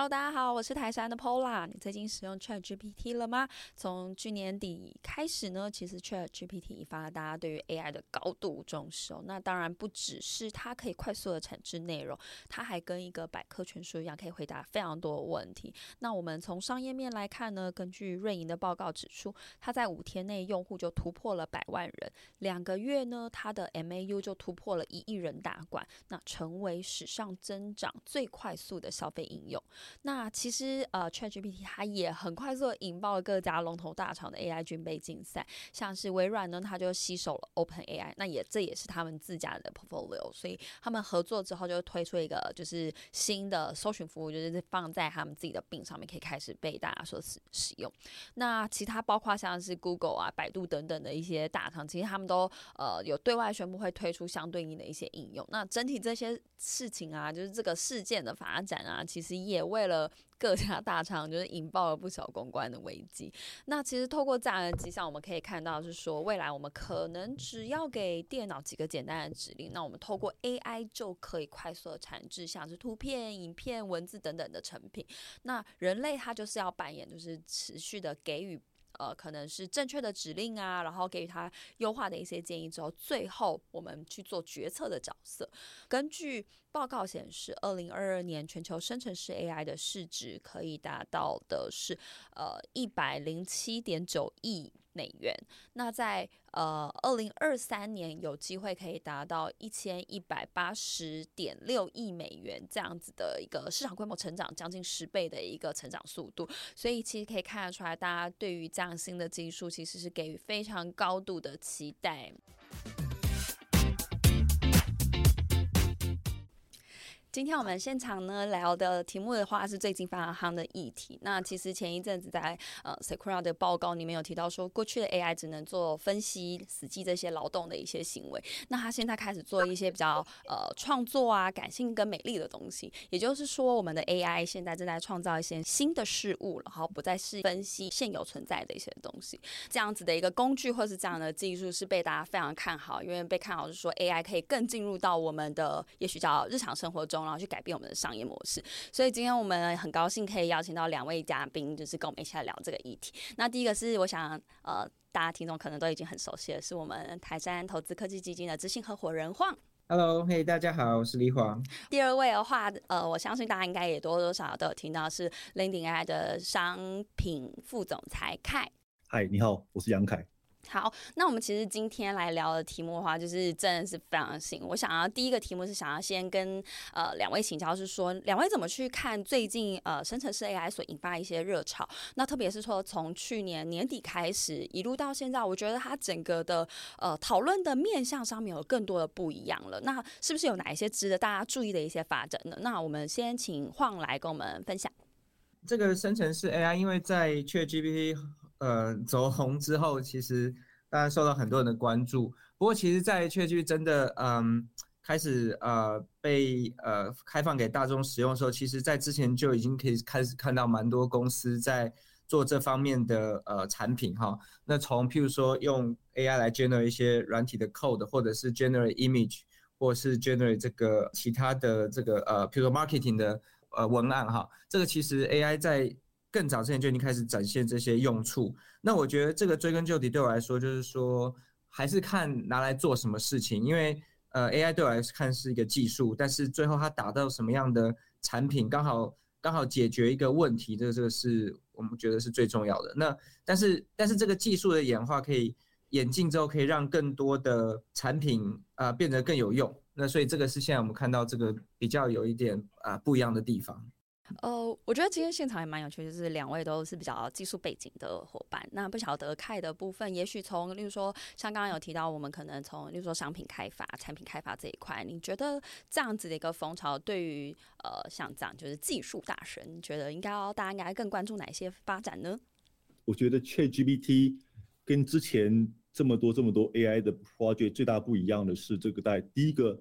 Hello，大家好，我是台杉的 Pola。你最近使用 ChatGPT 了嗎？從去年底開始呢，其實 ChatGPT 引發了大家對於 AI 的高度重視哦。那當然不只是它可以快速的產出內容，它還跟一個百科全書一樣，可以回答非常多的問題。那我們從商業面來看呢，根據瑞銀的報告指出，它在五天內用戶就突破了百萬人，兩個月呢，它的 MAU 就突破了一億人大關，那成為史上增長最快速的消費應用。那其實呃，ChatGPT 它也很快速引爆了各家龍頭大廠的 AI 軍備競賽。像是微軟呢，它就攜手了 OpenAI，那也這也是他們自家的 portfolio。所以他們合作之後，就推出一個就是新的搜尋服務，就是放在他們自己的 Bing 上面，可以開始被大家所使使用。那其他包括像是 Google 啊、百度等等的一些大廠，其實他們都呃有對外宣布會推出相對應的一些應用。那整體這些事情啊，就是這個事件的發展啊，其實也為為了各家大廠，就是引爆了不少公關的危機。那其實透過這樣的跡象，我們可以看到是說，未來我們可能只要給電腦幾個簡單的指令，那我們透過 AI 就可以快速的產製像是圖片、影片、文字等等的成品。那人類他就是要扮演，就是持續的給予。呃，可能是正確的指令啊，然後給予他優化的一些建議之後，最後我們去做決策的角色。根據報告顯示，二零二二年全球生成式 AI 的市值可以達到的是呃一百零七點九億。美元，那在呃二零二三年有機會可以達到一千一百八十點六億美元這樣子的一個市場規模，成長將近十倍的一個成長速度，所以其實可以看得出來，大家對於這樣新的技術其實是給予非常高度的期待。今天我們現場呢聊的題目的話是最近非常夯的議題。那其實前一陣子在呃 Sequoia 的報告裡面有提到說，過去的 AI 只能做分析、實際這些勞動的一些行為。那他現在開始做一些比較呃創作啊、感性跟美麗的東西。也就是說，我們的 AI 現在正在創造一些新的事物，然後不再是分析現有存在的一些東西。這樣子的一個工具或者是這樣的技術是被大家非常看好，因為被看好是說 AI 可以更進入到我們的也許叫日常生活中。然後去改變我們的商業模式，所以今天我們很高興可以邀請到兩位嘉賓，就是跟我們一起來聊這個議題。那第一個是我想，呃，大家聽眾可能都已經很熟悉了，是我們台杉投資科技基金的執行合夥人晃。Hello，嘿、hey，大家好，我是李晃。第二位的話，呃，我相信大家應該也多多少少都有聽到是 Landing AI 的商品副總裁凱。Hi，你好，我是楊凱。好，那我們其實今天來聊的題目的話，就是真的是非常的新。我想要第一個題目是想要先跟呃兩位請教，是說兩位怎麼去看最近呃生成式 AI 所引發一些熱潮？那特別是說從去年年底開始一路到現在，我覺得它整個的呃討論的面向上面有更多的不一樣了。那是不是有哪一些值得大家注意的一些發展呢？那我們先請晃來跟我們分享。這個生成式 AI，因為在 ChatGPT。呃，走紅之後，其實當然受到很多人的關注。不過，其實在確確真的，嗯，開始呃被呃開放給大眾使用的時候，其實在之前就已經可以開始看到蠻多公司在做這方面的呃產品哈。那從譬如說用 AI 來 generate 一些軟體的 code，或者是 generate image，或者是 generate 這個其他的這個呃譬如說 marketing 的呃文案哈。這個其實 AI 在更早之前就已經開始展現這些用處。那我覺得這個追根究底對我來說，就是說還是看拿來做什麼事情。因為呃，AI 對我來看是一個技術，但是最後它達到什麼樣的產品，剛好剛好解決一個問題，這個這個是我們覺得是最重要的。那但是但是這個技術的演化可以演進之後，可以讓更多的產品啊、呃、變得更有用。那所以這個是現在我們看到這個比較有一點啊、呃、不一樣的地方。呃，我覺得今天現場也蠻有趣，就是兩位都是比較技術背景的夥伴。那不曉得 Kai 的部分，也許從例如說，像剛剛有提到，我們可能從例如說商品開發、產品開發這一塊，你覺得這樣子的一個風潮，對於呃像這樣就是技術大神，你覺得應該要大家應該更關注哪一些發展呢？我覺得 ChatGPT 跟之前這麼多這麼多 AI 的 project 最大不一樣的是，這個在第一個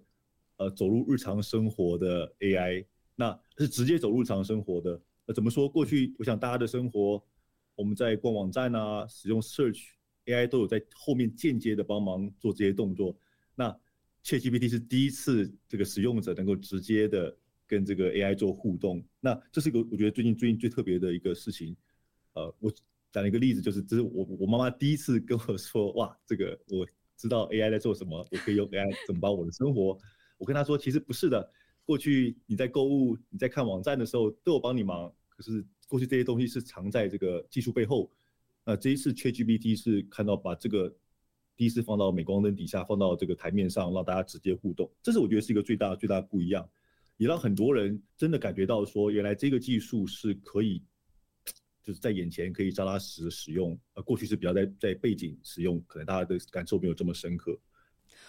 呃走入日常生活的 AI。那是直接走入日常生活的，那怎麼說？過去我想大家的生活，我們在逛網站啊，使用 search AI 都有在後面間接的幫忙做這些動作。那 ChatGPT 是第一次這個使用者能夠直接的跟這個 AI 做互動，那這是個我覺得最近最近最特別的一個事情。呃，我講一個例子，就是這是我我媽媽第一次跟我說，哇，這個我知道 AI 在做什麼，我可以用 AI 怎麼幫我的生活。 我跟她說，其實不是的。過去你在購物、你在看網站的時候，都有幫你忙。可是過去這些東西是藏在這個技術背後。那這一次 ChatGPT 是看到把這個第一次放到鎂光燈底下，放到這個台面上，讓大家直接互動。這是我覺得是一個最大、最大的不一樣，也讓很多人真的感覺到說，原來這個技術是可以就是在眼前可以扎扎實實使用。而過去是比較在在背景使用，可能大家的感受沒有這麼深刻。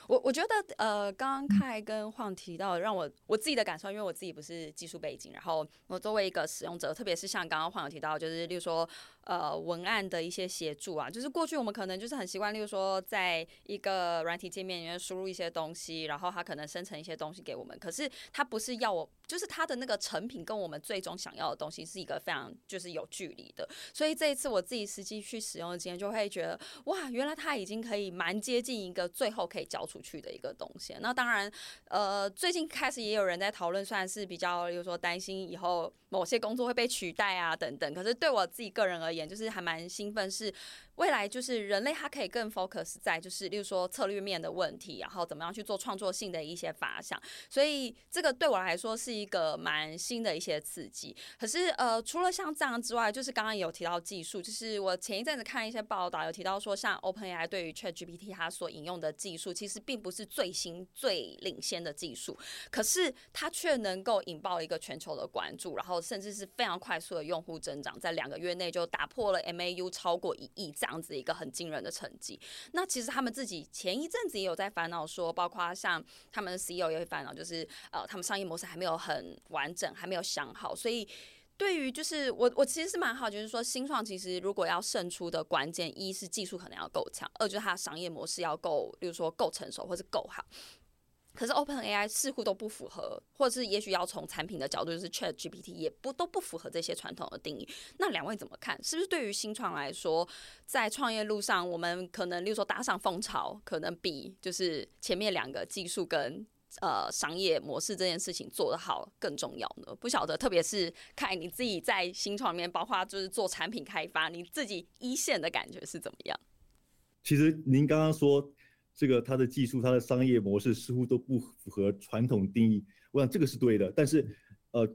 我我覺得，呃，剛剛 Kai 跟晃提到，讓我我自己的感受，因為我自己不是技術背景，然後我作為一個使用者，特別是像剛剛晃有提到，就是例如說。呃，文案的一些協助啊，就是過去我們可能就是很習慣，例如說，在一個軟體界面裡面輸入一些東西，然後它可能生成一些東西給我們。可是它不是要我，就是它的那個成品跟我們最終想要的東西是一個非常就是有距離的。所以這一次我自己實際去使用的經驗，就會覺得，哇，原來它已經可以蠻接近一個最後可以交出去的一個東西。那當然，呃，最近開始也有人在討論，算是比較，例如說擔心以後。某些工作會被取代啊，等等。可是對我自己個人而言，就是還蠻興奮是。未來就是人類，它可以更 focus 在就是，例如說策略面的問題，然後怎麼樣去做創作性的一些發想。所以這個對我來說是一個蠻新的一些刺激。可是呃，除了像這樣之外，就是剛剛也有提到技術，就是我前一陣子看一些報道，有提到說，像 OpenAI 對於 ChatGPT 它所引用的技術，其實並不是最新最領先的技術，可是它卻能夠引爆一個全球的關注，然後甚至是非常快速的用戶增長，在兩個月內就打破了 MAU 超過一億在。這樣子一個很驚人的成績，那其實他們自己前一陣子也有在煩惱，說包括像他們的 CEO 也會煩惱，就是呃，他們商業模式還沒有很完整，還沒有想好。所以對於就是我我其實是蠻好，就是說新創其實如果要勝出的關鍵，一是技術可能要夠強，二就是它的商業模式要夠，比如說夠成熟或是夠好。可是 OpenAI 似乎都不符合，或者是也許要從產品的角度，就是 ChatGPT 也不都不符合這些傳統的定義。那兩位怎麼看？是不是對於新創來說，在創業路上，我們可能，例如說搭上風潮，可能比就是前面兩個技術跟呃商業模式這件事情做得好更重要呢？不曉得，特別是看你自己在新創裡面，包括就是做產品開發，你自己一線的感覺是怎麼樣？其實您剛剛說。這個它的技術、它的商業模式，似乎都不符合傳統定義，我想這個是對的。但是，呃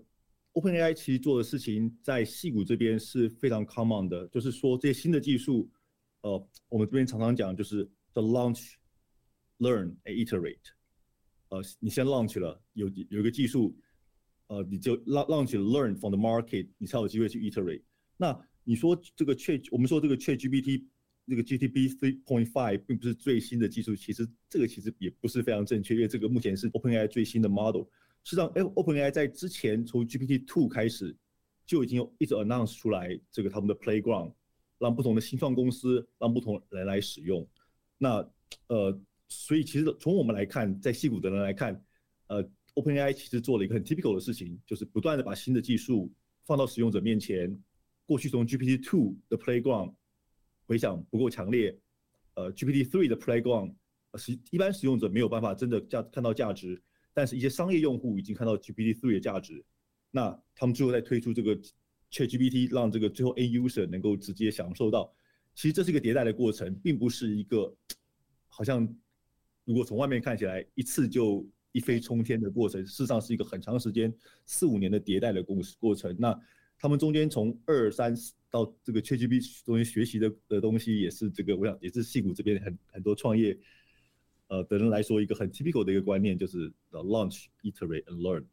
，OpenAI 其實做的事情在矽谷這邊是非常 common 的，就是說這些新的技術，呃，我們這邊常常講就是 the launch, learn, and iterate。呃，你先 launch 了，有有一個技術，呃，你就 launch, learn from the market，你才有機會去 iterate。那你說這個確，我們說這個確 GPT 那個 GPT 3.5並不是最新的技術，其實這個其實也不是非常正確，因為這個目前是 OpenAI 最新的 model。實際上，OpenAI 在之前從 GPT 2開始就已經一直 announce 出來這個他們的 playground，讓不同的新創公司讓不同人來使用。那呃，所以其實從我們來看，在矽谷的人來看，呃，OpenAI 其實做了一個很 typical 的事情，就是不斷的把新的技術放到使用者面前。過去從 GPT 2的 playground。回響不夠強烈，呃，GPT Three 的 Playground 使一般使用者沒有辦法真的價看到價值，但是一些商業用戶已經看到 GPT Three 的價值，那他們最後再推出這個 ChatGPT，讓這個最後 A user 能夠直接享受到，其實這是一個迭代的過程，並不是一個好像如果從外面看起來一次就一飛沖天的過程，事實上是一個很長時間四五年的迭代的過過程，那他們中間從二三四。到這個 ChatGPT 中心學習的的東西，也是這個，我想也是硅谷這邊很很多創業，的、呃、人來說一個很 typical 的一個觀念，就是呃 launch iterate and learn。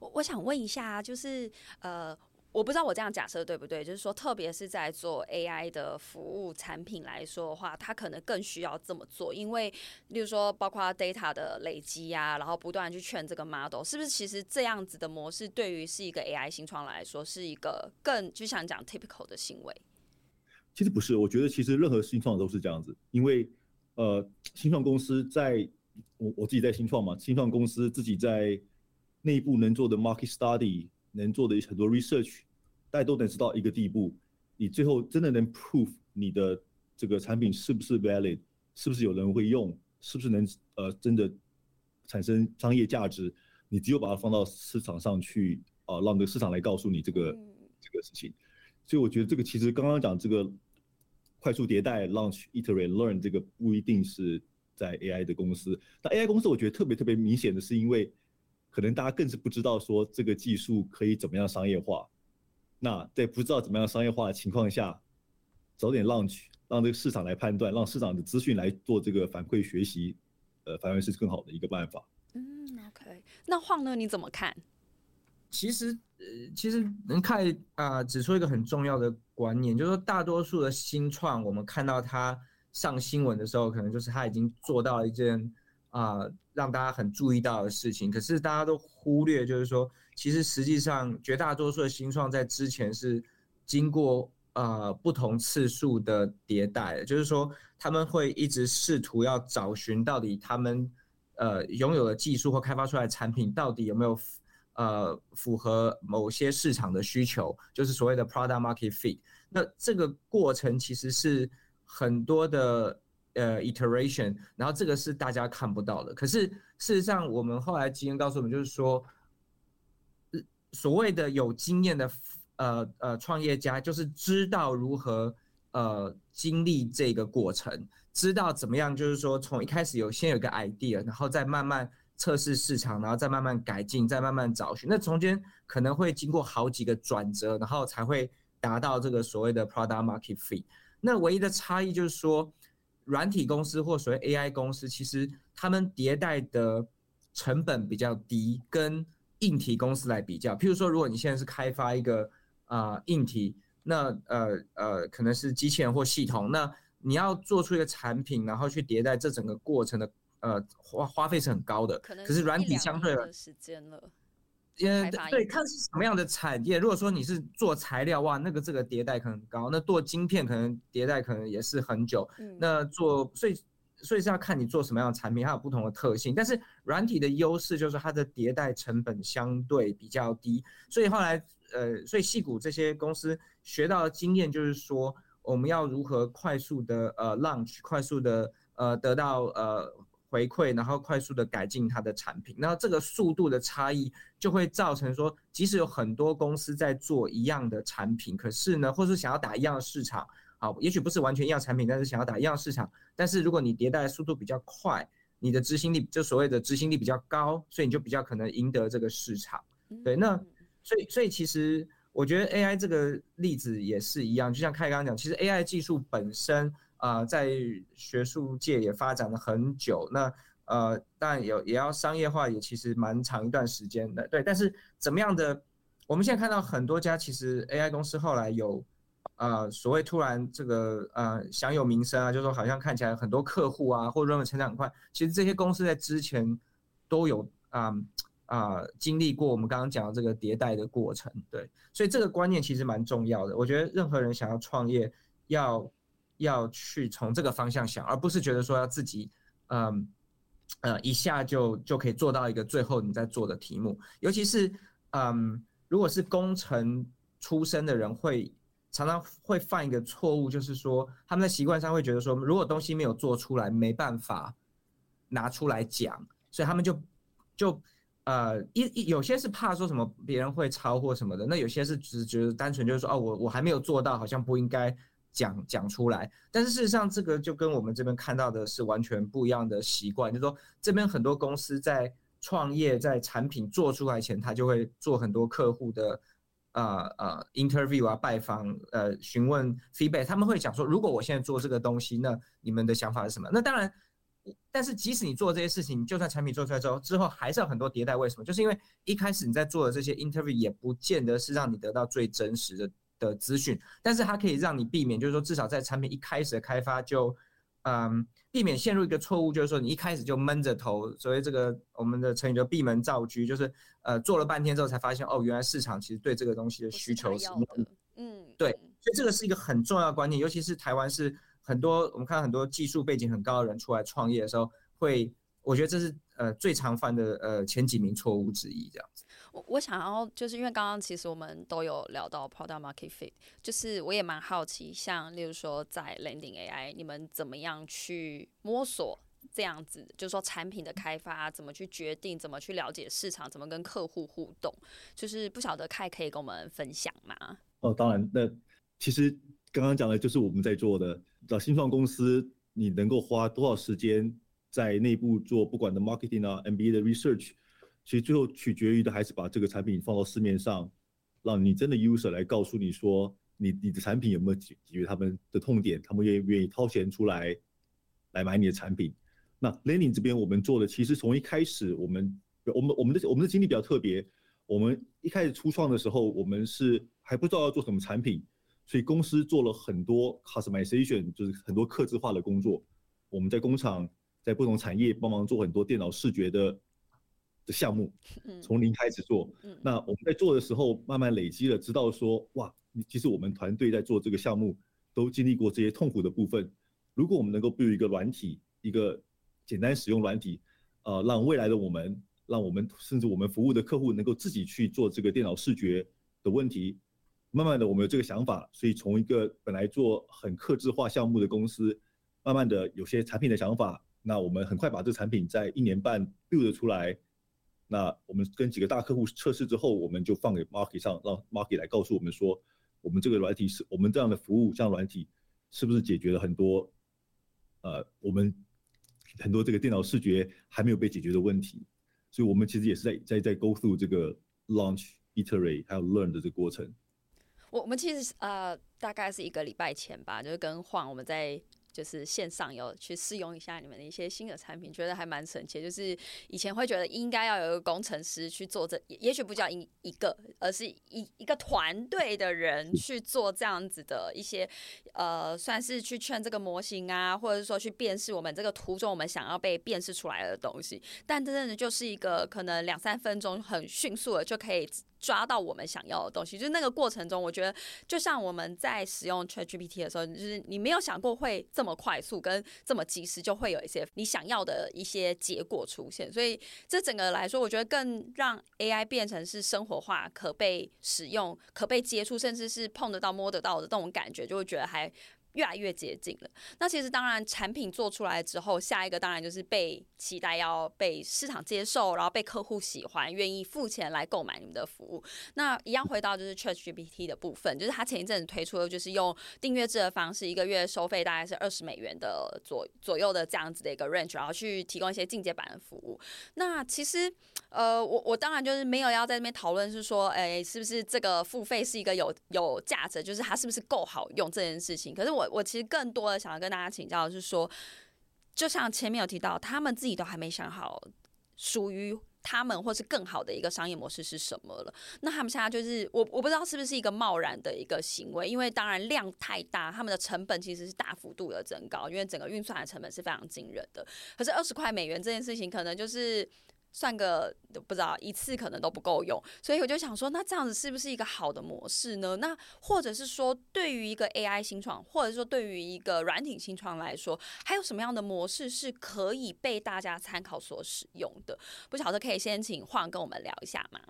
我我想問一下，就是呃。我不知道我這樣假設對不對，就是說，特別是在做 AI 的服務產品來說的話，它可能更需要這麼做，因為，例如說，包括 data 的累積呀、啊，然後不斷去勸這個 model，是不是？其實這樣子的模式對於是一個 AI 新創來說，是一個更就像你講 typical 的行為。其實不是，我覺得其實任何新創都是這樣子，因為，呃，新創公司在我我自己在新創嘛，新創公司自己在內部能做的 market study，能做的很多 research。大家都能知道一個地步，你最後真的能 prove 你的這個產品是不是 valid，是不是有人會用，是不是能呃真的產生商業價值？你只有把它放到市場上去啊、呃，讓這個市場來告訴你這個、嗯、這個事情。所以我覺得這個其實剛剛講這個快速迭代、launch, iterate, learn 這個不一定是在 AI 的公司。但 AI 公司我覺得特別特別明顯的是，因為可能大家更是不知道說這個技術可以怎麼樣商業化。那在不知道怎麼樣商業化的情況下，早點 launch，讓這個市場來判斷，讓市場的資訊來做這個反饋學習，呃，反而是更好的一個辦法。嗯，OK，那晃呢？你怎麼看？其實，呃，其實能看啊，指、呃、出一個很重要的觀念，就是說，大多數的新創，我們看到它上新聞的時候，可能就是它已經做到一件啊、呃、讓大家很注意到的事情，可是大家都忽略，就是說。其實，實際上，絕大多數的新創在之前是經過呃不同次數的迭代，就是說他們會一直試圖要找尋到底他們呃擁有的技術或開發出來的產品到底有沒有呃符合某些市場的需求，就是所謂的 Product-Market Fit。那這個過程其實是很多的呃 iteration，然後這個是大家看不到的。可是事實上，我們後來經驗告訴我們，就是說。所謂的有經驗的呃呃創業家，就是知道如何呃經歷這個過程，知道怎麼樣就是說從一開始有先有個 idea，然後再慢慢測試市場，然後再慢慢改進，再慢慢找尋。那中間可能會經過好幾個轉折，然後才會達到這個所謂的 product market fit。那唯一的差異就是說，軟體公司或所謂 AI 公司，其實他們迭代的成本比較低，跟。硬體公司來比較，譬如說，如果你現在是開發一個啊、呃、硬體，那呃呃，可能是機器人或系統，那你要做出一個產品，然後去迭代這整個過程的呃花花費是很高的。可能可是軟體相對的時間了。因為 Yeah, 對，看是什麼樣的產業。如果說你是做材料哇，那個這個迭代可能很高，那做晶片可能迭代可能也是很久。嗯、那做最。所以所以是要看你做什麼樣的產品，它有不同的特性。但是軟體的優勢就是它的迭代成本相對比較低，所以後來呃，所以矽谷這些公司學到的經驗就是說，我們要如何快速的呃 launch，快速的呃得到呃回饋，然後快速的改進它的產品。那這個速度的差異就會造成說，即使有很多公司在做一樣的產品，可是呢，或是想要打一樣的市場。好，也許不是完全一樣產品，但是想要打一樣市場。但是如果你迭代的速度比較快，你的執行力就所謂的執行力比較高，所以你就比較可能贏得這個市場。對，那所以所以其實我覺得 AI 這個例子也是一樣，就像凱剛講，其實 AI 技術本身啊、呃，在學術界也發展了很久。那呃，但有也要商業化，也其實蠻長一段時間的。對，但是怎麼樣的？我們現在看到很多家其實 AI 公司後來有。啊、呃，所謂突然這個啊、呃，享有名聲啊，就是、說好像看起來很多客戶啊，或認為成長很快，其實這些公司在之前都有啊啊、呃呃、經歷過我們剛剛講的這個迭代的過程，對，所以這個觀念其實蠻重要的。我覺得任何人想要創業要，要要去從這個方向想，而不是覺得說要自己嗯呃、呃一下就就可以做到一個最後你在做的題目，尤其是嗯、呃，如果是工程出身的人會。常常會犯一個錯誤，就是說他們在習慣上會覺得說，如果東西沒有做出來，沒辦法拿出來講，所以他們就就呃，一，一有些是怕說什麼別人會抄或什麼的，那有些是只覺得單純就是說，哦，我我還沒有做到，好像不應該講講出來。但是事實上，這個就跟我們這邊看到的是完全不一樣的習慣，就是說這邊很多公司在創業在產品做出來前，他就會做很多客戶的。呃呃，interview 啊，拜訪，呃，詢問 feedback，他們會講說，如果我現在做這個東西，那你們的想法是什麼？那當然，但是即使你做這些事情，你就算產品做出來之後，之後還是有很多迭代。為什麼？就是因為一開始你在做的這些 interview 也不見得是讓你得到最真實的的資訊，但是它可以讓你避免，就是說至少在產品一開始的開發就。嗯，避免陷入一個錯誤，就是說你一開始就悶着頭，所以這個我們的成語叫閉門造車，就是呃做了半天之後才發現，哦，原來市場其實對這個東西的需求是，是的嗯，對，所以這個是一個很重要的觀念，尤其是台灣是很多我們看到很多技術背景很高的人出來創業的時候，會我覺得這是呃最常犯的呃前幾名錯誤之一，這樣子。我想要就是因為剛剛其實我們都有聊到 Product Market Fit，就是我也蠻好奇，像例如說在 Landing AI，你們怎麼樣去摸索這樣子，就是說，產品的開發，怎麼去決定，怎麼去了解市場，怎麼跟客戶互動，就是不曉得 Kai 可以跟我們分享嗎？哦，當然，那其實剛剛講的就是我們在做的，找新創公司你能夠花多少時間在內部做，不管的 marketing 啊，MBA 的 research。其實最後取決於的還是把這個產品放到市面上，讓你真的 user 來告訴你說，你你的產品有沒有解決他們的痛點，他們願意願意掏錢出來來買你的產品。那 Landing 這邊我們做的，其實從一開始我們我們我們的我們的經歷比較特別，我們一開始初創的時候，我們是還不知道要做什麼產品，所以公司做了很多 customization，就是很多客製化的工作。我們在工廠，在不同產業幫忙做很多電腦視覺的。項目從零開始做。嗯嗯、那我們在做的時候慢慢累積了，知道說，哇，其實我們團隊在做這個項目都經歷過這些痛苦的部分。如果我們能夠 build 一個軟體，一個簡單使用軟體，呃，讓未來的我們，讓我們甚至我們服務的客戶能夠自己去做這個電腦視覺的問題。慢慢的我們有這個想法，所以從一個本來做很客製化項目的公司，慢慢的有些產品的想法，那我們很快把這個產品在一年半 build 出來。那我們跟幾個大客戶測試之後，我們就放給 market 上，讓 market 來告訴我們說，我們這個軟體是我們這樣的服務，像軟體是不是解決了很多，呃，我們很多這個電腦視覺還沒有被解決的問題。所以，我們其實也是在在在，在 go through 這個 launch, iterate，還有 learn 的這個過程。我我們其實呃，大概是一個禮拜前吧，就是跟晃我們在。就是線上有去試用一下你們的一些新的產品，覺得還蠻神奇。就是以前會覺得應該要有一個工程師去做這，也許不叫一一個，而是一一個團隊的人去做這樣子的一些，呃，算是去勸這個模型啊，或者是說去辨識我們這個圖中我們想要被辨識出來的東西。但真的就是一個可能兩三分鐘很迅速的就可以。抓到我們想要的東西，就是那個過程中，我覺得就像我們在使用 ChatGPT 的時候，就是你沒有想過會這麼快速跟這麼及時，就會有一些你想要的一些結果出現。所以這整個來說，我覺得更讓 AI 變成是生活化、可被使用、可被接觸，甚至是碰得到、摸得到的這種感覺，就會覺得還。越來越接近了。那其實當然，產品做出來之後，下一個當然就是被期待要被市場接受，然後被客戶喜歡，願意付錢來購買你們的服務。那一樣回到就是 ChatGPT 的部分，就是他前一陣子推出了，就是用訂閱制的方式，一個月收費大概是二十美元的左左右的這樣子的一個 range，然後去提供一些進階版的服務。那其實，呃，我我當然就是沒有要在這邊討論是說，哎，是不是這個付費是一個有有價值，就是它是不是夠好用這件事情。可是我。我其實更多的想要跟大家請教的是說，就像前面有提到，他們自己都還沒想好屬於他們或是更好的一個商業模式是什麼了。那他們現在就是，我我不知道是不是一個貿然的一個行為，因為當然量太大，他們的成本其實是大幅度的增高，因為整個運算的成本是非常驚人的。可是二十塊美元這件事情，可能就是。算個不知道一次可能都不夠用，所以我就想說，那這樣子是不是一個好的模式呢？那或者是說，對於一個 AI 新創，或者是說對於一個軟體新創來說，還有什麼樣的模式是可以被大家參考所使用的？不曉得可以先請晃跟我們聊一下嗎？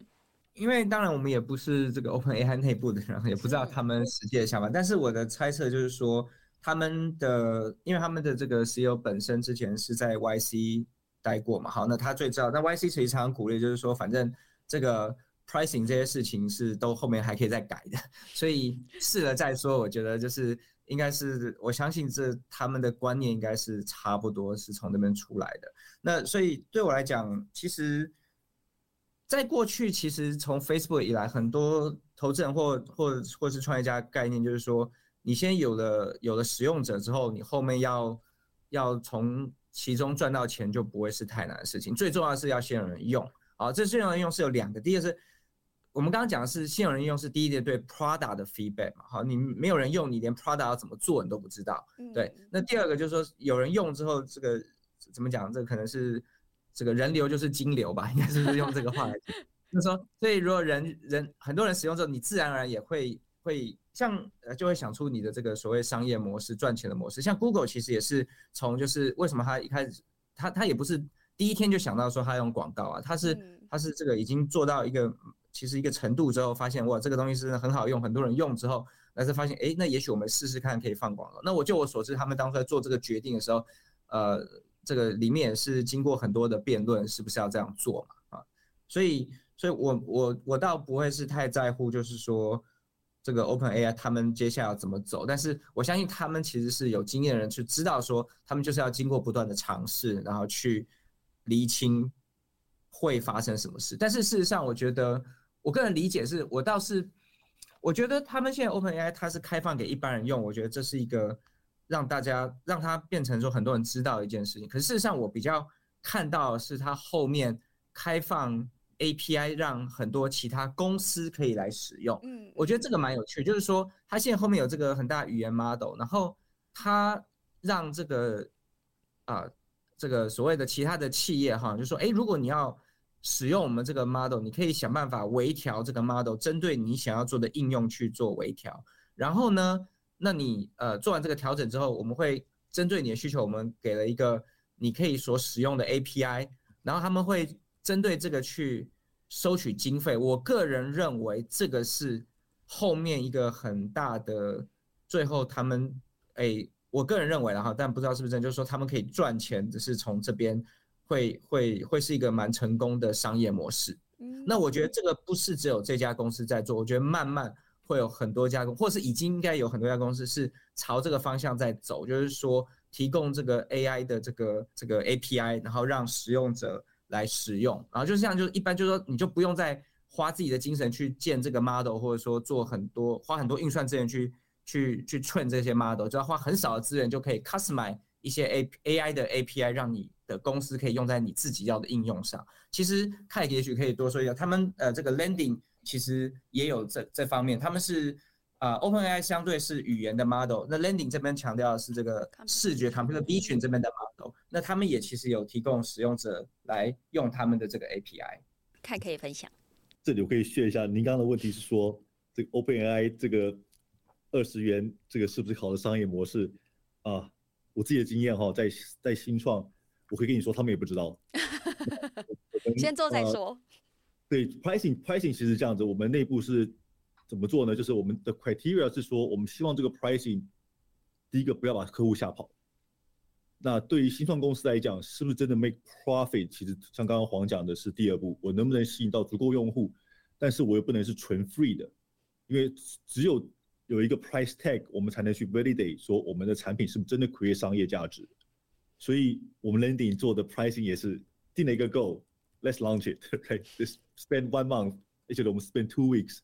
因為當然我們也不是這個 OpenAI 內部的人，也不知道他們實際的想法，是但是我的猜測就是說，他們的因為他們的這個 CEO 本身之前是在 YC。改過嘛？好，那他最知道。那 YC 其實常常鼓勵，就是說，反正這個 pricing 這些事情是都後面還可以再改的，所以試了再說。我覺得就是應該是，我相信這他們的觀念應該是差不多，是從那邊出來的。那所以對我來講，其實在過去，其實從 Facebook 以來，很多投資人或或或是創業家概念，就是說，你先有了有了使用者之後，你後面要要從。其中賺到錢就不會是太難的事情，最重要是要先有人用。好，這先有人用是有兩個，第一個是我們剛剛講的是先有人用是第一點對 product 的 feedback 嘛，好，你沒有人用，你連 product 要怎麼做你都不知道。對，嗯、那第二個就是說有人用之後，這個怎麼講？這可能是這個人流就是金流吧，應該是不是用這個話來講，就 說，所以如果人人很多人使用之後，你自然而然也會會。像呃，就會想出你的這個所謂商業模式賺錢的模式。像 Google 其實也是從就是為什麼他一開始他他也不是第一天就想到說他用廣告啊，他是他是這個已經做到一個其實一個程度之後，發現哇這個東西是很好用，很多人用之後，但是發現欸，那也許我們試試看可以放廣告。那我就我所知，他們當初在做這個決定的時候，呃，這個裡面也是經過很多的辯論，是不是要這樣做嘛啊？所以所以我我我倒不會是太在乎，就是說，這個 OpenAI 他們接下來要怎麼走？但是我相信他們其實是有經驗的人，去知道說他們就是要經過不斷的嘗試，然後去釐清會發生什麼事。但是事實上，我覺得我個人理解是，我倒是我覺得他們現在 OpenAI 它是開放給一般人用，我覺得這是一個讓大家讓它變成說很多人知道的一件事情。可是事實上，我比較看到的是它後面開放。A P I 讓很多其他公司可以來使用，嗯，我覺得這個蠻有趣，就是說它現在後面有這個很大語言 model，然後它讓這個啊這個所謂的其他的企業哈，就說誒、欸，如果你要使用我們這個 model，你可以想辦法微調這個 model，針對你想要做的應用去做微調，然後呢，那你呃做完這個調整之後，我們會針對你的需求，我們給了一個你可以所使用的 A P I，然後他們會。針對這個去收取經費，我個人認為這個是後面一個很大的，最後他們哎，我個人認為了，然後但不知道是不是真，就是說他們可以賺錢，只是從這邊會會會是一個蠻成功的商業模式。嗯，那我覺得這個不是只有這家公司在做，我覺得慢慢會有很多家公，或是已經應該有很多家公司是朝這個方向在走，就是說提供這個 AI 的這個這個 API，然後讓使用者。來使用，然後就是這樣，就是一般，就是說你就不用再花自己的精神去建這個 model，或者說做很多花很多運算資源去去去 train 這些 model，只要花很少的資源就可以 customize 一些 AI 的 API，讓你的公司可以用在你自己要的應用上。其實 Kai 也許可以多說一下，他們呃這個 Landing 其實也有這這方面，他們是。啊、uh，OpenAI 相對是語言的 model，那 Landing 這邊強調的是這個視覺，computer Vision 這邊的 model，那他們也其實有提供使用者來用他們的這個 API，看可以分享，這裡我可以 share 一下。您剛剛的問題是說這個 OpenAI 這個二十元這個是不是好的商業模式啊？我自己的經驗哈，在在新創，我可以跟你說，他們也不知道。 跟先做再說。呃、對 pricing pricing，其實這樣子，我們內部是。怎麼做呢？就是我們的 criteria 是說，我們希望這個 pricing，第一個不要把客戶嚇跑。那對於新創公司來講，是不是真的 make profit？其實像剛剛黃講的是第二步，我能不能吸引到足夠用戶？但是我又不能是純 free 的，因為只有有一個 price tag，我們才能去 validate 說我們的產品是不是真的 create 商業價值。所以我們 Landing 做的 pricing 也是定了一個 goal，let's launch it，OK，let's spend one month，或者我們 spend two weeks。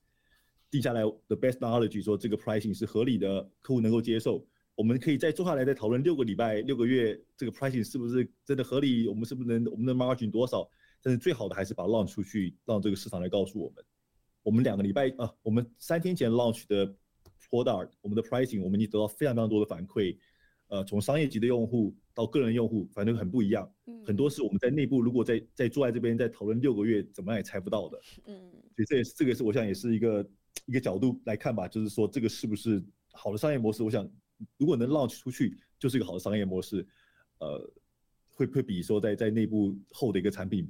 定下來 the best knowledge，說這個 pricing 是合理的，客戶能夠接受。我們可以再坐下來再討論六個禮拜、六個月，這個 pricing 是不是真的合理，我們是不是能，我們的 margin 多少？但是最好的還是把 launch 出去，讓這個市場來告訴我們。我們兩個禮拜啊，我們三天前 launch 的 product，我們的 pricing，我們已經得到非常非常多的反饋。呃，從商業級的用戶到個人用戶，反正很不一樣。嗯，很多是我們在內部，如果在在坐在這邊在討論六個月，怎麼樣也猜不到的。嗯，所以這也是這個是我想也是一個一個角度來看吧，就是說這個是不是好的商業模式？我想如果能 launch 出去，就是一個好的商業模式。呃，會不會比說在在內部後的一個產品，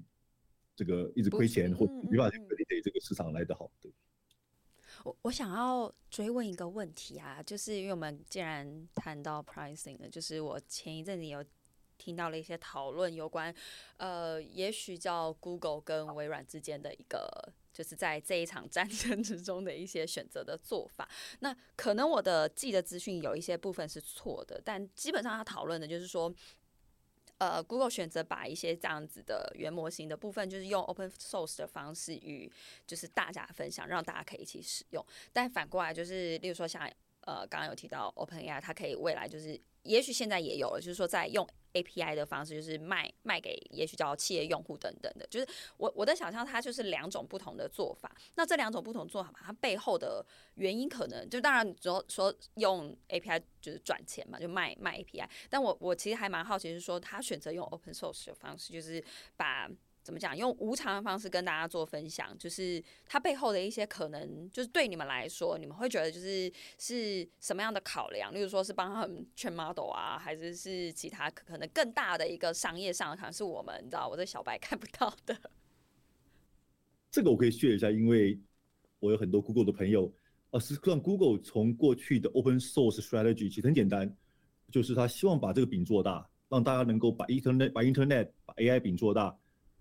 這個一直虧錢，嗯，或沒法去對這個市場來得好？對。我想要追問一個問題啊，就是因為我們既然談到 pricing 了，就是我前一陣子有聽到了一些討論有關，呃，也許叫 Google 跟微軟之間的一個，就是在這一場戰爭之中的一些選擇的做法。那可能我的記得資訊有一些部分是錯的，但基本上他討論的就是說。呃，Google 選擇把一些這樣子的原模型的部分，就是用 open source 的方式與就是大家分享，讓大家可以一起使用。但反過來就是，例如說像呃剛剛有提到 OpenAI，它可以未來就是也許現在也有了，就是說在用。A P I 的方式就是賣賣給也許叫做企業用戶等等的，就是我我在想象它就是兩種不同的做法。那這兩種不同的做法，它背後的原因可能就當然說說用 A P I 就是賺錢嘛，就賣賣 A P I。但我我其實還蠻好奇是說，他選擇用 Open Source 的方式，就是把。怎麼講？用無償的方式跟大家做分享，就是它背後的一些可能，就是對你們來說，你們會覺得就是是什麼樣的考量？例如說是幫他們勸 model 啊，還是是其他可能更大的一個商業上的，可能是我們，你知道，我這小白看不到的。這個我可以 share 一下，因為我有很多 Google 的朋友呃，是、啊、讓 Google 從過去的 Open Source Strategy 其實很簡單，就是他希望把這個餅做大，讓大家能夠把 Internet 把 Internet 把 AI 餅做大。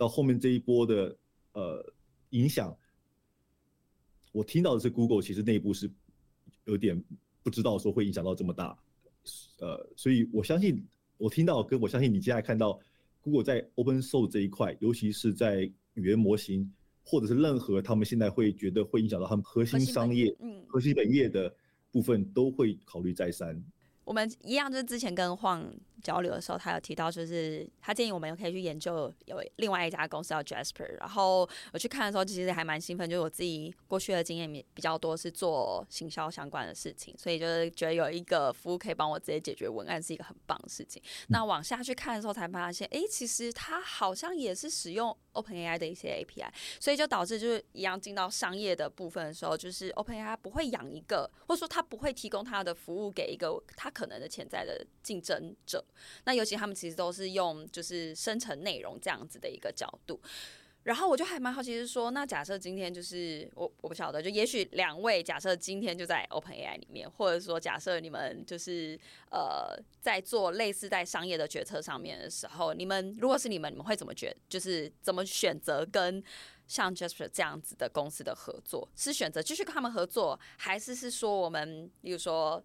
到後面這一波的，呃，影響，我聽到的是 Google 其實內部是有點不知道說會影響到這麼大，呃，所以我相信我聽到跟我相信你接下來看到 Google 在 Open Source 這一塊，尤其是在語言模型或者是任何他們現在會覺得會影響到他們核心商業、核心本業，嗯、核心本業的部分，都會考慮再三。我們一樣，就是之前跟晃交流的時候，他有提到，就是他建議我們可以去研究有另外一家公司叫 Jasper。然後我去看的時候，其實還蠻興奮，就是我自己過去的經驗也比較多是做行銷相關的事情，所以就是覺得有一個服務可以幫我直接解決文案是一個很棒的事情。嗯、那往下去看的時候才發現，哎，其實它好像也是使用 OpenAI 的一些 API，所以就導致就是一樣進到商業的部分的時候，就是 OpenAI 不會養一個，或者說他不會提供他的服務給一個他。它可可能的潛在的競爭者，那尤其他們其實都是用就是生成內容這樣子的一個角度。然後我就還蠻好奇，是說，那假設今天就是我我不曉得，就也許兩位假設今天就在 OpenAI 裡面，或者說假設你們就是呃在做類似在商業的決策上面的時候，你們如果是你們，你們會怎麼決？就是怎麼選擇跟像 Jasper 這樣子的公司的合作？是選擇繼續跟他們合作，還是是說我們比如說？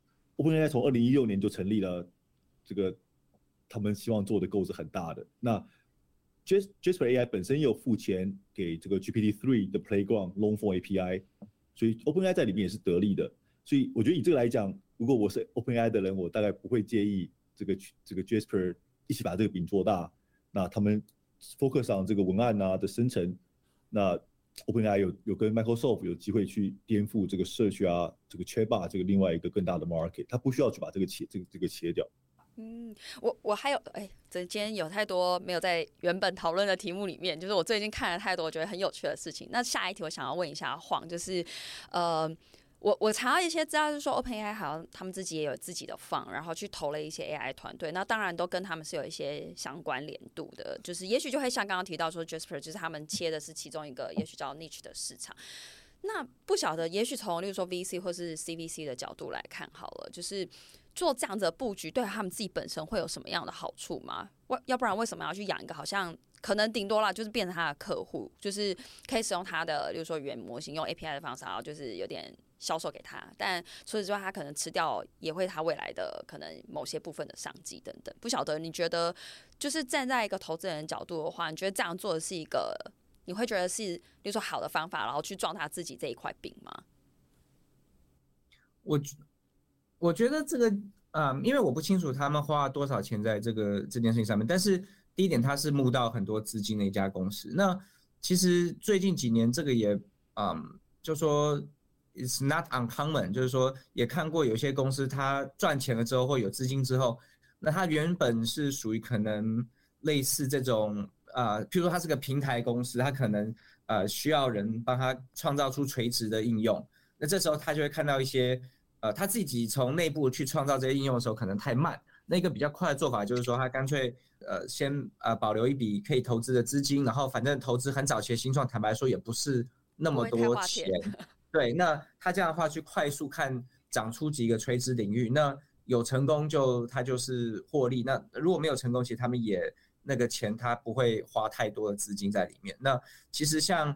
OpenAI 從二零一六年就成立了，這個他們希望做的夠是很大的。那 Jasper AI 本身又付錢給這個 GPT Three 的 Playground Longform API，所以 OpenAI 在裡面也是得利的。所以我覺得以這個來講，如果我是 OpenAI 的人，我大概不會介意這個這個 Jasper 一起把這個餅做大。那他們 focus on 這個文案吶、啊、的生成，那。OpenAI 有有跟 Microsoft 有機會去顛覆這個社區啊，這個缺霸這個另外一個更大的 market，他不需要去把這個切這個這個切掉。嗯，我我還有哎，這、欸、今天有太多沒有在原本討論的題目裡面，就是我最近看了太多我覺得很有趣的事情。那下一題我想要問一下晃，就是呃。我我查到一些資料，是說 OpenAI 好像他們自己也有自己的方，然後去投了一些 AI 團隊。那當然都跟他們是有一些相關聯度的，就是也許就會像剛剛提到說 Jasper，就是他們切的是其中一個，也許叫 niche 的市場。那不曉得，也許從例如說 VC 或是 CVC 的角度來看好了，就是做這樣子的布局對他們自己本身會有什麼樣的好處嗎？為要不然為什麼要去養一個好像可能頂多了就是變成他的客戶，就是可以使用他的，例如說原模型用 API 的方式，然後就是有點。銷售給他，但除此之外，他可能吃掉也會他未來的可能某些部分的商機等等。不曉得你覺得，就是站在一個投資人角度的話，你覺得這樣做的是一個，你會覺得是，比如說好的方法，然後去撞他自己這一塊餅嗎？我我覺得這個，嗯，因為我不清楚他們花多少錢在這個這件事情上面。但是第一點，他是募到很多資金的一家公司。那其實最近幾年，這個也，嗯，就說。It's not uncommon，就是說也看過有些公司，它賺錢了之後或有資金之後，那它原本是屬於可能類似這種啊、呃，譬如說它是個平台公司，它可能呃需要人幫它創造出垂直的應用，那這時候他就會看到一些呃，他自己從內部去創造這些應用的時候可能太慢，那一個比較快的做法就是說他乾脆呃先呃保留一筆可以投資的資金，然後反正投資很早期的新創，坦白說也不是那麼多錢。對，那他這樣的話去快速看長出幾個垂直領域，那有成功就他就是獲利，那如果沒有成功，其實他們也那個錢他不會花太多的資金在裡面。那其實像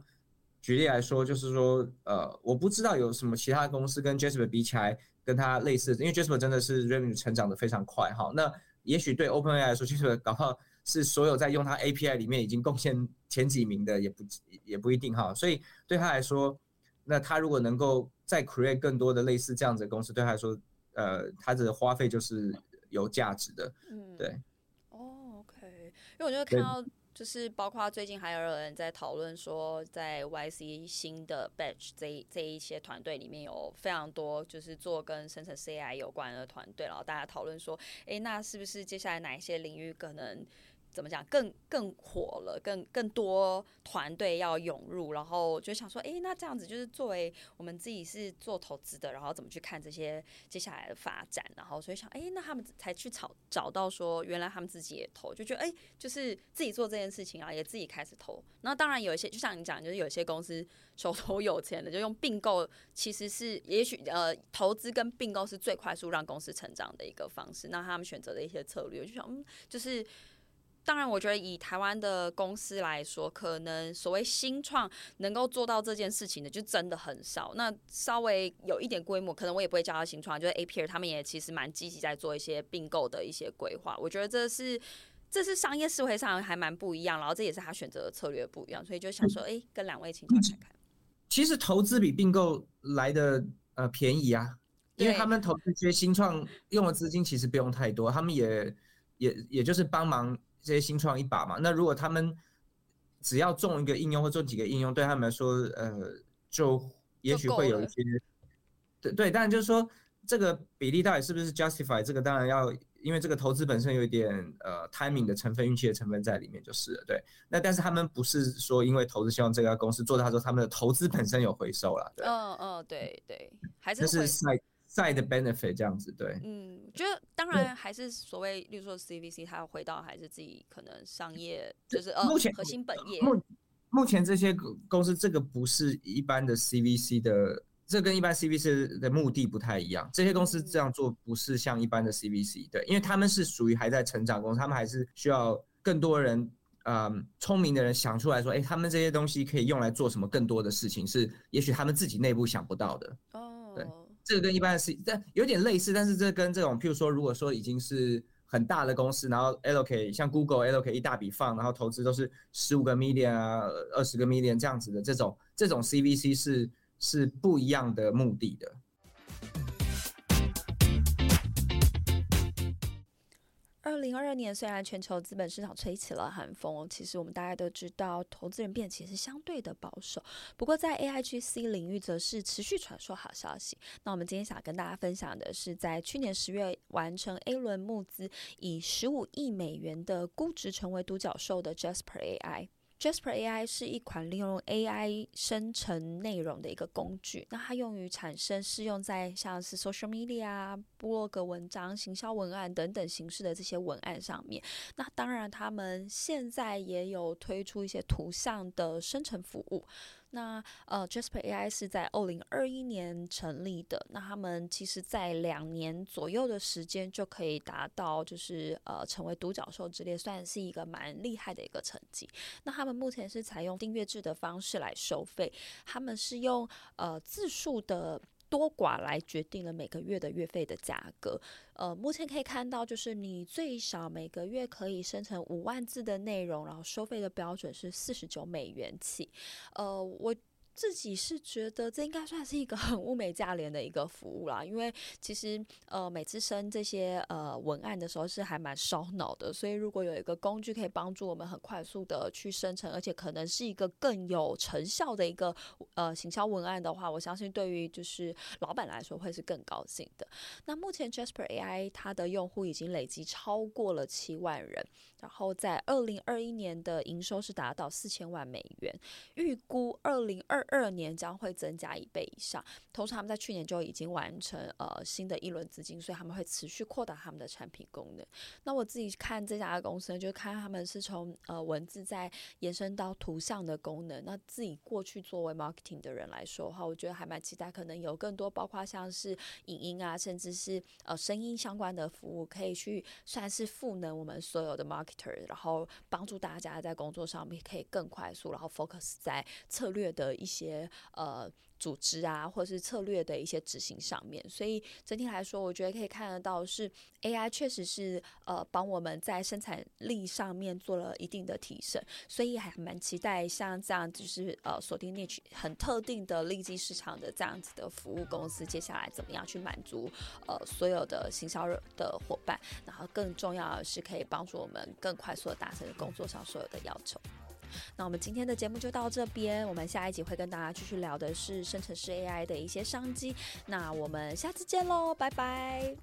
舉例來說，就是說，呃，我不知道有什麼其他公司跟 Jasper 比起來跟他類似的，因為 Jasper 真的是 revenue 成長的非常快哈、哦。那也許對 OpenAI 來說，其實剛好是所有在用它 API 裡面已經貢獻前幾名的，也不也不一定哈、哦。所以對他來說。那他如果能夠再 create 更多的類似這樣子的公司，對他來說，呃，他的花費就是有價值的。嗯，對。哦，OK。因為我就會看到，就是包括最近還有，有人在討論說，在 YC 新的 batch 這一這一些團隊裡面有非常多就是做跟生成 AI 有關的團隊，然後大家討論說，誒、欸，那是不是接下來哪一些領域可能？怎麼講更更火了，更更多團隊要湧入，然後就想說，哎、欸，那這樣子就是作為我們自己是做投資的，然後怎麼去看這些接下來的發展，然後所以想，哎、欸，那他們才去找找到說，原來他們自己也投，就覺得，哎、欸，就是自己做這件事情啊，也自己開始投。那當然有一些，就像你講，就是有些公司手頭有錢的，就用併購，其實是也許呃，投資跟併購是最快速讓公司成長的一個方式。那他們選擇的一些策略，我就想，嗯，就是。當然，我覺得以台灣的公司來說，可能所謂新創能夠做到這件事情的，就真的很少。那稍微有一點規模，可能我也不會叫它新創，就是 A P R 他們也其實蠻積極在做一些併購的一些規劃。我覺得這是這是商業思維上還蠻不一樣，然後這也是他選擇的策略不一樣，所以就想說，哎、嗯，跟兩位請教一下，看其實投資比併購來得呃便宜啊，因為他們投資一些新創用的資金其實不用太多，他們也也也就是幫忙。這些新創一把嘛，那如果他們只要中一個應用或中幾個應用，對他們來說，呃，就也許會有一些，對對，當然就是說，這個比例到底是不是 justify，這個當然要因為這個投資本身有一點呃 timing 的成分、運氣的成分在裡面，就是了。對，那但是他們不是說因為投資希望這家公司做到它，說他們的投資本身有回收了。對哦哦，對對，還是在的 benefit 這樣子對，嗯，覺得當然還是所謂例如說 CVC，他要回到還是自己可能商業就是目前、哦、核心本業。目、嗯、目前這些公司這個不是一般的 CVC 的，這個、跟一般 CVC 的目的不太一樣。這些公司這樣做不是像一般的 CVC，、嗯、對，因為他們是屬於還在成長公司，他們還是需要更多人，嗯、呃，聰明的人想出來說，哎、欸，他們這些東西可以用來做什麼更多的事情，是也許他們自己內部想不到的。哦，對。這個跟一般的是，但有點類似，但是這跟這種譬如說，如果說已經是很大的公司，然後 allocate 像 Google allocate 一大筆放，然後投資都是十五個 million 啊，二十個 million 這樣子的，這種這種 CVC 是是不一樣的目的的。二零二二年，雖然全球資本市場吹起了寒風，其實我們大家都知道，投資人變其實相對的保守。不過在 AIGC 領域，則是持續傳出好消息。那我們今天想跟大家分享的是，在去年十月完成 A 輪募資，以十五億美元的估值成為獨角獸的 Jasper AI。Jasper AI 是一款利用 AI 生成內容的一個工具，那它用於產生適用在像是 social media 啊、blog 文章、行銷文案等等形式的這些文案上面。那當然，他們現在也有推出一些圖像的生成服務。那呃，Jasper AI 是在二零二一年成立的。那他們其實，在兩年左右的時間就可以達到，就是呃，成為獨角獸之列，算是一個蠻厲害的一個成績。那他們目前是採用訂閱制的方式來收費，他們是用呃字數的。多寡來決定了每個月的月費的價格。呃，目前可以看到，就是你最少每個月可以生成五萬字的內容，然後收費的標準是四十九美元起。呃，我。自己是覺得這應該算是一個很物美價廉的一個服務啦，因為其實呃每次生這些呃文案的時候是還蠻燒腦的，所以如果有一個工具可以幫助我們很快速的去生成，而且可能是一個更有成效的一個呃行銷文案的話，我相信對於就是老闆來說會是更高興的。那目前 Jasper AI 它的用戶已經累積超過了七萬人。然後在二零二一年的營收是達到四千萬美元，預估二零二二年將會增加一倍以上。同時，他們在去年就已經完成呃新的一輪資金，所以他們會持續擴大他們的產品功能。那我自己看這家的公司呢，就是、看他們是從呃文字再延伸到圖像的功能。那自己過去作為 marketing 的人來說的話，我覺得還蠻期待，可能有更多包括像是影音啊，甚至是呃聲音相關的服務，可以去算是賦能我們所有的 market，然後幫助大家在工作上面可以更快速，然後 focus 在策略的一些呃，組織啊，或者是策略的一些執行上面，所以整體來說，我覺得可以看得到是 AI 確實是呃幫我們在生產力上面做了一定的提升，所以還蠻期待像這樣就是呃鎖定 niche 很特定的利基市場的這樣子的服務公司，接下來怎麼樣去滿足呃所有的行銷的夥伴，然後更重要的是可以幫助我們更快速的達成工作上所有的要求。那我們今天的節目就到這邊，我們下一集會跟大家繼續聊的是生成式 AI 的一些商機，那我們下次見嘍，拜拜。